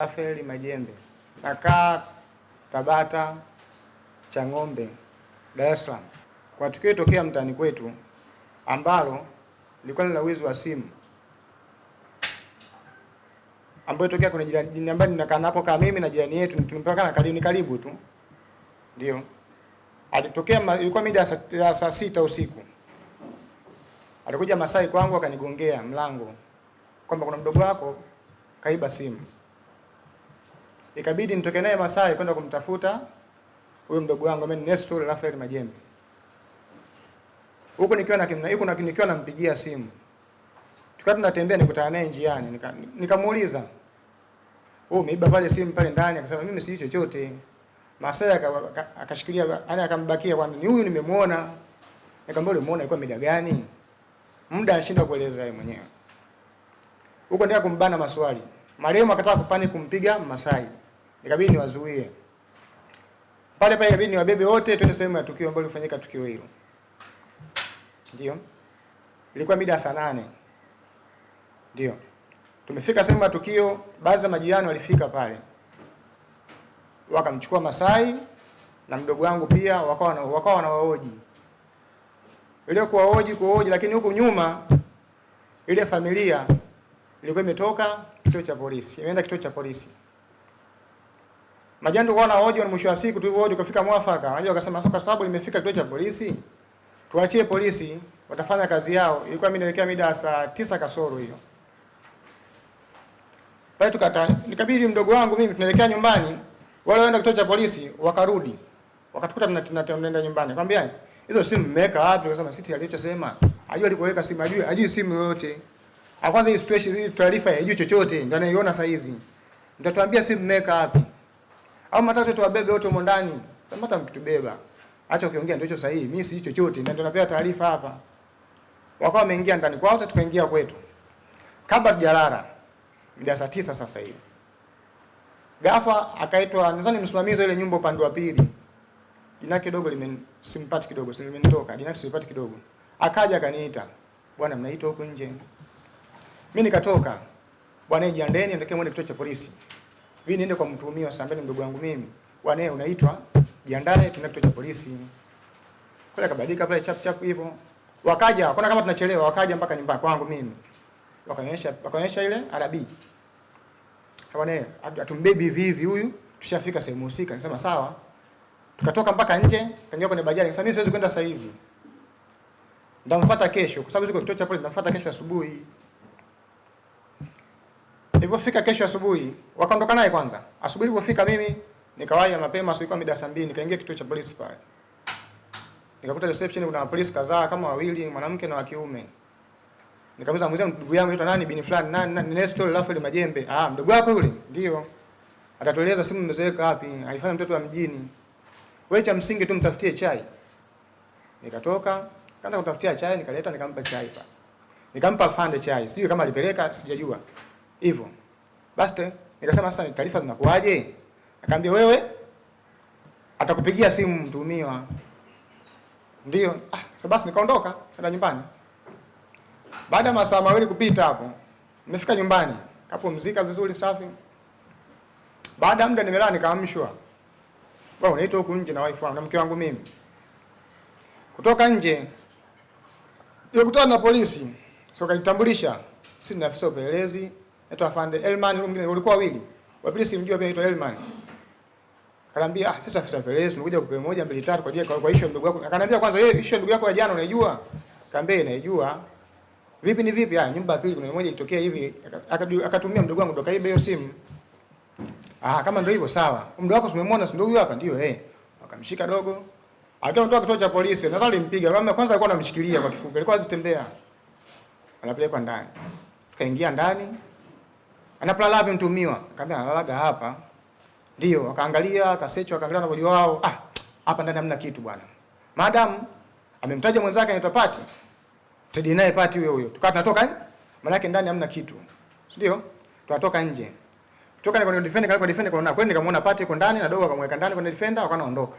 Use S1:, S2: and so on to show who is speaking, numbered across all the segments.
S1: Raphael Majembe nakaa Tabata Chang'ombe, Dar es Salaam. Kwa tukio tokea mtaani kwetu ambalo lilikuwa ni la wizi wa simu ambayo tokea kuna jirani ambaye ninakaa napo kama mimi na jirani yetu tulimpakana karibu ni karibu tu. Ndio. Alitokea ilikuwa mida ya saa sita usiku. Alikuja Masai kwangu akanigongea mlango kwamba kuna mdogo wako kaiba simu ikabidi nitoke naye Masai kwenda kumtafuta huyo mdogo wangu ambaye ni Nestor Rafael Majembe. Huko nikiwa na kimna, huko nikiwa nampigia simu. Tukawa tunatembea nikutana naye njiani, nikamuuliza nika wewe umeiba pale simu pale ndani? Akasema mimi sijui chochote. Masai akashikilia, yani akambakia kwani ni huyu nimemuona. Nikamwambia ule muona ilikuwa mida gani? Muda anashinda kueleza yeye mwenyewe. Huko ndio kumbana maswali. Marehemu akataka kupani kumpiga Masai ikabidi niwazuie pale pale, ikabidi niwabebe wote twende sehemu ya tukio ambalo lilifanyika tukio hilo. Ndio ilikuwa mida saa nane ndio tumefika sehemu ya tukio. Baadhi ya majirani walifika pale, wakamchukua Masai na mdogo wangu pia, wakawa wakawa wanawaoji ile kuwaoji kuwaoji, lakini huku nyuma ile familia ilikuwa imetoka kituo cha polisi, imeenda kituo cha polisi. Majani tulikuwa na hoja mwisho wa siku hoja kufika mwafaka, unajua akasema sasa, kwa sababu limefika kituo cha polisi, tuachie polisi watafanya kazi yao. Ilikuwa mimi nilekea mida saa tisa kasoro hiyo pale, tukata nikabidi mdogo wangu mimi tunaelekea nyumbani, wale waenda kituo cha polisi wakarudi wakatukuta tunaenda nyumbani, kwambia hizo simu mmeweka wapi? Akasema sisi alichosema ajua alipoweka simu ajui ajui simu yoyote akwanza hii situation hii taarifa juu chochote, ndio anaiona saa hizi, Ndio tuambia simu mmeweka wapi? au matatu tuwabebe wote humo ndani. Sasa hata mkitubeba, acha ukiongea ndio hicho sahihi, mimi sijui chochote, ndio napewa taarifa hapa. Wakawa wameingia ndani kwa hata tukaingia kwetu kabla tujalala, mida saa tisa sasa hivi Gafa akaitwa nadhani msimamizi ile nyumba upande wa pili. Jina kidogo limenimpati kidogo, si limenitoka. Jina silipati kidogo. Akaja akaniita. Bwana mnaitwa huko nje. Mimi nikatoka. Bwana, jiandeni ndekee mwende kituo cha polisi mimi niende kwa mtuhumiwa sasa, mbele mdogo wangu mimi wanae, unaitwa jiandae, tuna kituo cha polisi kule. Kabadilika pale chap chap hivyo, wakaja wakaona kama tunachelewa, wakaja mpaka nyumbani kwangu mimi, wakaonyesha wakaonyesha ile RB hawana eh, atumbebi hivi hivi, huyu tushafika sehemu husika. Nasema sawa, tukatoka mpaka nje, kaingia kwenye bajaji. Nasema mimi siwezi kwenda saa hizi, ndamfuata kesho, kwa sababu ziko kituo cha polisi, ndamfuata kesho asubuhi. Ilipofika kesho asubuhi, wakaondoka naye kwanza. Asubuhi ilipofika mimi nikawahi mapema, asubuhi kwa mida saa mbili nikaingia kituo cha polisi pale. Nikakuta reception kuna polisi kadhaa kama wawili, mwanamke na wa kiume. Nikamuuliza mzee, ndugu yangu anaitwa nani bini fulani nani nani ni Nestor Rafael Majembe. Ah, mdogo wako yule? Ndio. Atatueleza simu mmezoweka wapi? Haifanya mtoto wa mjini. Wewe cha msingi tu mtafutie chai. Nikatoka, kaenda kutafutia chai, nikaleta nikampa chai pa. Nikampa fande chai. Sijui kama alipeleka, sijajua hivyo. Basi nikasema sasa taarifa zinakuaje? Akaambia wewe atakupigia simu mtumiwa. Ndio. Ah, so basi nikaondoka kwenda nyumbani. Baada ya masaa mawili kupita hapo, nimefika nyumbani, kapumzika vizuri safi. Baada ya muda nimelala nikaamshwa. Bwana unaitwa huku nje na wife wangu na mke wangu mimi. Kutoka nje nilikutana na polisi. sio kanitambulisha, sisi ni afisa upelelezi naitwa Afande Elman, yule mwingine ulikuwa wawili. Wa pili simjua pia anaitwa Elman. Akaniambia ah, sasa sasa pelelezi tumekuja kupewa moja mbili tatu kwa ajili kwa issue ndugu yako. Akaniambia kwanza yeye eh, issue ndugu yako ya jana unaijua? Akaniambia naijua. Vipi ni vipi? Ah, nyumba ya pili kuna moja ilitokea hivi. Akatumia mdogo wangu ndo hiyo simu. Ah, kama ndio hivyo sawa. Mdogo wako tumemwona, si ndio huyo hapa? Ndio eh. Akamshika dogo. Akaondoka kituo cha polisi. Nadhani alimpiga. Kama kwanza alikuwa anamshikilia kwa kifupi. Alikuwa azitembea. Anapelekwa ndani. Tukaingia ndani. Anapala wapi mtumiwa? Akamwambia analaga hapa. Ndio, akaangalia, akasearch, akaangalia na wajua wao, ah, hapa ndani hamna kitu bwana. Madam amemtaja mwenzake anaitwa Pati. Tudi naye Pati huyo huyo. Tukawa tunatoka nje. Maana yake ndani hamna kitu. Ndio? Tunatoka nje. Kutoka niko defender kale kwa defender kwa kwenda nikamwona Pati yuko ndani na dogo akamweka ndani kwenye defender akawa anaondoka.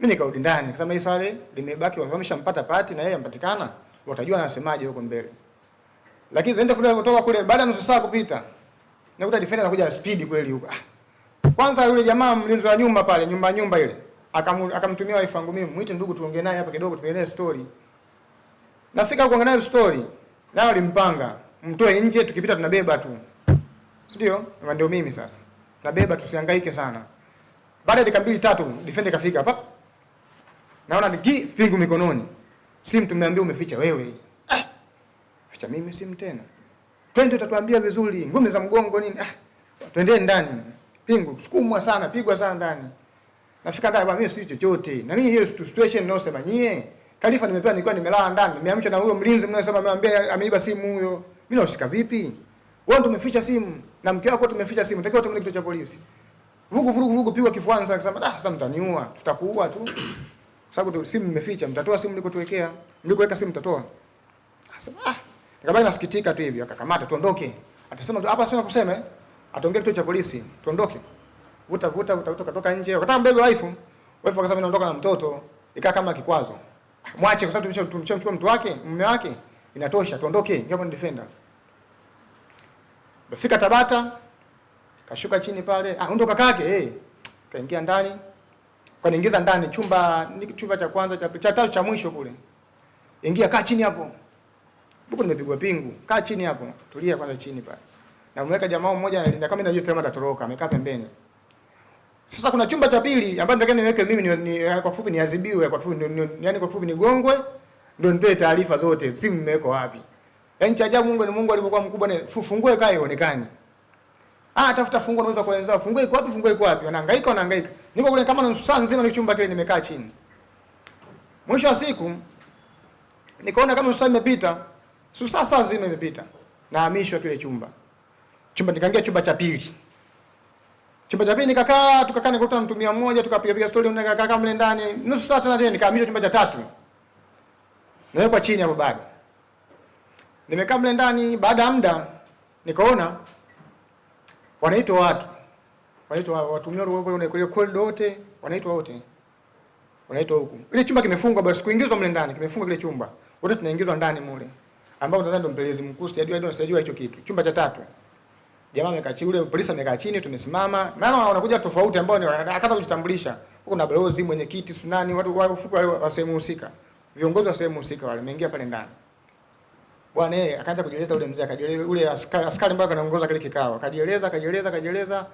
S1: Mimi nikarudi ndani kwa sababu hii swali limebaki wameshampata Pati na yeye ampatikana. Watajua anasemaje huko mbele. Lakini zende fulani kutoka kule baada ya nusu saa kupita nakuta defender anakuja speed kweli huko. Ah. Kwanza yule jamaa mlinzi wa nyumba pale, nyumba nyumba ile, akamtumia wife wangu mimi, muite ndugu tuongee naye hapa kidogo tupelee story. Nafika kuongea naye story, nao alimpanga, mtoe nje tukipita tunabeba tu. Ndio, ndio mimi sasa. Nabeba tusihangaike sana. Baada ya dakika mbili tatu defender kafika hapa. Naona ni gift pingu mikononi. Simu tumeambiwa umeficha wewe. Ah. Ficha mimi simu tena twende, utatuambia vizuri, ngumi za mgongo nini. Ah, twende ndani, pingu sukumwa sana, pigwa sana ndani. Nafika ndani bwana, mimi sijui chochote na mimi hiyo situation nao sema nyie taarifa nimepewa, nilikuwa nimelala ndani, nimeamshwa na huyo mlinzi mnao sema ameambia ameiba simu huyo. Mimi naoshika vipi? Wewe ndio umeficha simu na mke wako tumeficha simu, takiwa tumeni kituo cha polisi. Vugu vugu vugu, pigwa kifuanza, akasema ah, sasa mtaniua, tutakuua tu sababu simu mmeficha, mtatoa simu niko tuwekea, mlikotuwekea, weka simu mtatoa. Asema ah Nikabaki nasikitika tu hivyo, akakamata tuondoke. Atasema tu hapa sio nakusema, eh. ataongea kituo cha polisi, tuondoke. Vuta vuta vuta vuta kutoka nje. Wakataka mbebe waifu. Waifu akasema naondoka na mtoto, ikaa kama kikwazo. Mwache kwa sababu tumemchukua mtu wake, mume wake. Inatosha, tuondoke. Ngapo ni defender. Bafika Tabata, kashuka chini pale. Ah, ndo kakake eh. Kaingia ndani. Kwa Kaniingiza ndani chumba, chumba cha kwanza cha cha tatu cha mwisho kule. Ingia kaa chini hapo. Huko nimepigwa pingu. Kaa chini hapo. Tulia kwanza chini pale. Na umeweka jamaa mmoja analinda kama najua tena atatoroka, amekaa pembeni. Sasa kuna chumba cha pili ambacho ndio niweke mimi ni, ni, kwa kifupi niadhibiwe kwa kifupi ni, yani kwa kifupi nigongwe ndio nitoe taarifa zote simu imeweko wapi. Yaani cha ajabu Mungu ni Mungu alipokuwa mkubwa ni fungue kae ionekane. Ah, tafuta funguo unaweza kuelezea funguo iko wapi funguo iko wapi? Wanahangaika wanahangaika. Niko kule kama nusu saa nzima ni chumba kile nimekaa chini. Mwisho wa siku nikaona kama nusu saa imepita Sio saa zima imepita. Nahamishwa kile chumba. Chumba nikaingia chumba cha pili. Chumba cha pili nikakaa, tukakaa nikakuta mtumia mmoja, tukapiga piga story ndio kaka mle ndani. Nusu saa tena tena nikahamishwa chumba cha tatu. Nawekwa chini hapo bado. Nimekaa mle ndani baada ya muda nikaona wanaitwa watu. Wanaitwa watu mnyoro wao unaikulia corridor dote, wanaitwa wote. Wanaitwa huku. Ile chumba kimefungwa basi kuingizwa mle ndani, kimefungwa kile chumba. Wote tunaingizwa ndani mule ambao nadhani ndio mpelelezi mkuu, sijajua ndio sijajua hicho kitu. Chumba cha tatu, jamaa amekaa chini, yule polisi amekaa chini, tumesimama maana wanakuja tofauti, ambao ni akataka kujitambulisha huko na balozi, mwenyekiti, sunani, watu wa ufuko wale wa sehemu husika, viongozi wa sehemu husika wale, wameingia pale ndani bwana. Yeye akaanza kujieleza, yule mzee akajieleza, yule askari, askari ambaye anaongoza kile kikao akajieleza, akajieleza, akajieleza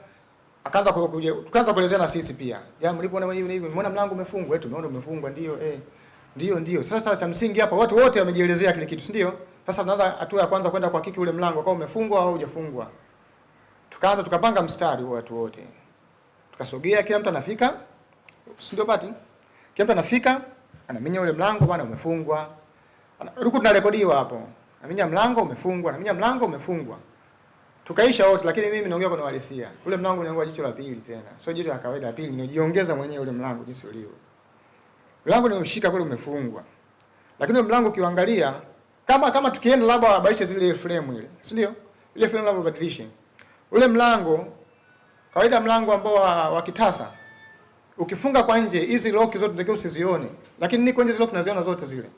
S1: akaanza kuja, tukaanza na sisi pia, ya mlipo na hivi hivi, umeona mlango umefungwa, eh, tumeona umefungwa, ndio eh, ndio ndio. Sasa cha msingi hapa watu wote wamejielezea kile kitu, si ndio? Sasa tunaanza hatua ya kwanza kwenda kwa kiki ule mlango kama umefungwa au hujafungwa. Tukaanza tukapanga mstari wa watu wote. Tukasogea, kila mtu anafika. Si ndio pati? Kila mtu anafika, anaminya ule mlango bwana umefungwa. Ruku tunarekodiwa hapo. Anaminya mlango umefungwa, anaminya mlango umefungwa. Tukaisha wote, lakini mimi naongea kwa uhalisia. Ule mlango unaongea jicho la pili tena. Sio jicho la kawaida la pili, nijiongeza mwenyewe ule mlango jinsi ulivyo. Mlango nimeushika kule umefungwa. Lakini ule mlango ukiangalia kama kama tukienda labda wabadilishe zile frame ile, si ndio? Ile frame labda wabadilishe ule mlango. Kawaida mlango ambao wa, wa kitasa ukifunga kwa nje, hizi lock zote zake usizione, lakini niko nje, zile lock naziona zote zile.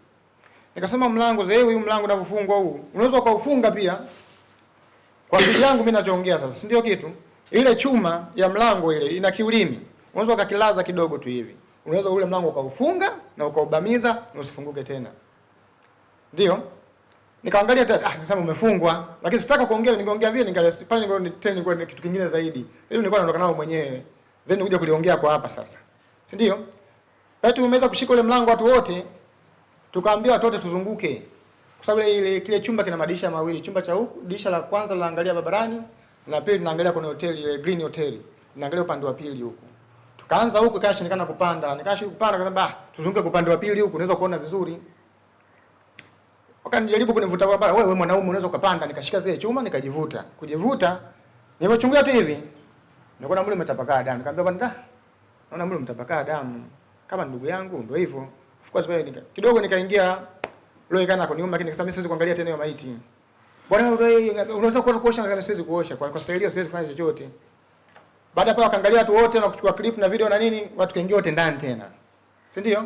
S1: Nikasema mlango zae huyu mlango unavofungwa huu unaweza ukaufunga pia kwa ajili yangu mimi ninachoongea sasa, si ndio? Kitu ile chuma ya mlango ile ina kiulimi, unaweza ukakilaza kidogo tu hivi, unaweza ule mlango ukaufunga na ukaubamiza na usifunguke tena, ndio. Nikaangalia tata, ah, nasema umefungwa. Lakini sitaka kuongea, ningeongea vile ningeongea pale ningeona tena ningeona kitu kingine zaidi. ili yaani nilikuwa naondoka nao mwenyewe. Then nikuja kuliongea kwa hapa sasa. Si ndio? Basi yaani tumeweza kushika ule mlango watu wote. tukaambiwa, watu wote tuzunguke. Kwa sababu ile kile chumba kina madirisha mawili, chumba cha huku, dirisha la kwanza linaangalia barabarani na pili linaangalia kwenye hoteli ile Green Hotel. Linaangalia upande wa pili huku. Tukaanza huku kashinikana kupanda. nikashinikana kupanda, kwa sababu ah, tuzunguke upande wa pili huku, unaweza kuona vizuri. Wakanijaribu kunivuta kwa bara, wewe mwanaume unaweza ukapanda. Nikashika zile chuma nikajivuta. Kujivuta nimechungulia tu hivi. Nikaona mle umetapakaa damu. Nikamwambia bwana, naona mle umetapakaa damu. Kama ndugu yangu ndio hivyo. Of course wewe nika. Kidogo nikaingia roho ikana kuniuma, lakini nikasema siwezi kuangalia tena hiyo maiti. Bwana wewe unaweza kuosha, kuosha? kama siwezi kuosha kwa kwa staili siwezi kufanya chochote. Baada pale wakaangalia watu wote na kuchukua clip na video na nini, watu kaingia wote ndani tena. Si ndio?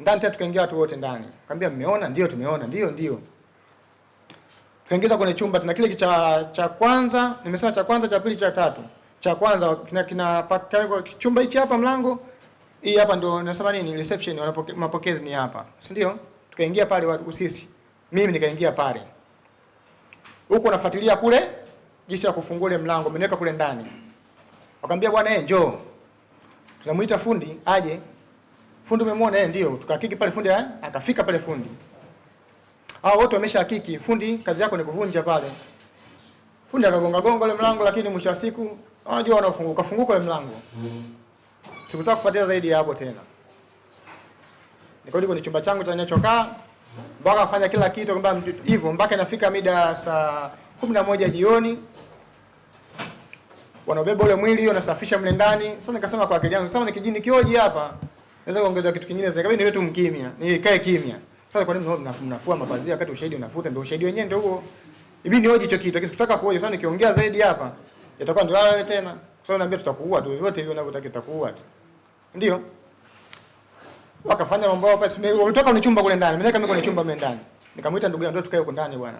S1: ndani tena, tukaingia watu wote ndani, kaambia mmeona? Ndio tumeona. Ndio ndio. Tukaingiza kwenye chumba tuna kile cha cha kwanza, nimesema cha kwanza, cha pili, cha tatu. Cha kwanza kina kina kwa chumba hichi hapa, mlango hii hapa ndio nasema nini, reception wanapokea mapokezi ni hapa, si ndio? Tukaingia pale watu sisi, mimi nikaingia pale, huko nafuatilia kule jinsi ya kufungua mlango, mmeniweka kule ndani, wakaambia bwana, eh, njoo. Tunamuita fundi aje fundi umemwona eh? Ndio, tukahakiki pale fundi eh? Akafika pale fundi, hao wote wameshahakiki. Fundi kazi yako ni kuvunja pale. Fundi akagonga gonga ile mlango, lakini mwisho wa siku anajua anafunguka, kafunguka ile mlango. Sikutaka kufuatilia zaidi ya hapo tena, nikarudi kwenye chumba changu cha ninachokaa mpaka afanya kila kitu kwamba hivyo, mpaka inafika mida saa 11 jioni wanaobeba ule mwili wanasafisha mle ndani. Sasa nikasema kwa akili yangu, sasa nikijini kioji hapa Naweza kuongeza kitu kingine zaidi, kama niwe tu mkimya, nikae kimya. Sasa kwa nini mnafua mapazia wakati ushahidi unafuta? Ndio ushahidi wenyewe ndio huo. Hivi ni hoji hicho kitu. lakini sikutaka kuoje sana. nikiongea zaidi hapa yatakuwa ndio wale tena. Sasa naambia tutakuua tu, vyote hivyo unavyotaka tutakuua tu. Ndio. Wakafanya mambo yao pale, tumetoka kwenye chumba kule ndani. Mimi kama kwenye chumba mimi ndani. Nikamwita ndugu yangu ndio tukae huko ndani bwana.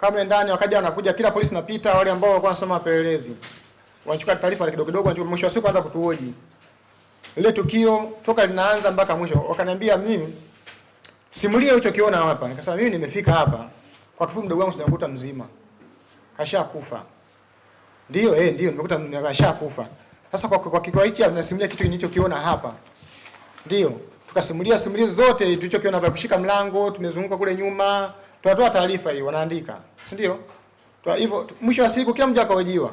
S1: Kama ndani wakaja wanakuja, kila polisi napita, wale ambao walikuwa wanasoma pelelezi. Wanachukua taarifa kidogo kidogo, mwisho wa siku anza kutuhoji lile tukio toka linaanza mpaka mwisho. Wakaniambia mimi simulia ulichokiona hapa. Nikasema mimi nimefika hapa, kwa kifupi mdogo wangu sijakuta mzima, kashakufa. Ndio eh, ndio nimekuta kashakufa. Sasa kwa kwa kikao hichi anasimulia kitu nilichokiona hapa, ndio tukasimulia simulizi zote tulichokiona hapa, kushika mlango, tumezunguka kule nyuma, tunatoa taarifa hii, wanaandika, si ndio? Kwa hivyo mwisho wa siku kila mmoja akahojiwa.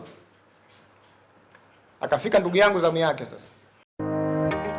S1: Akafika ndugu yangu zamu yake sasa.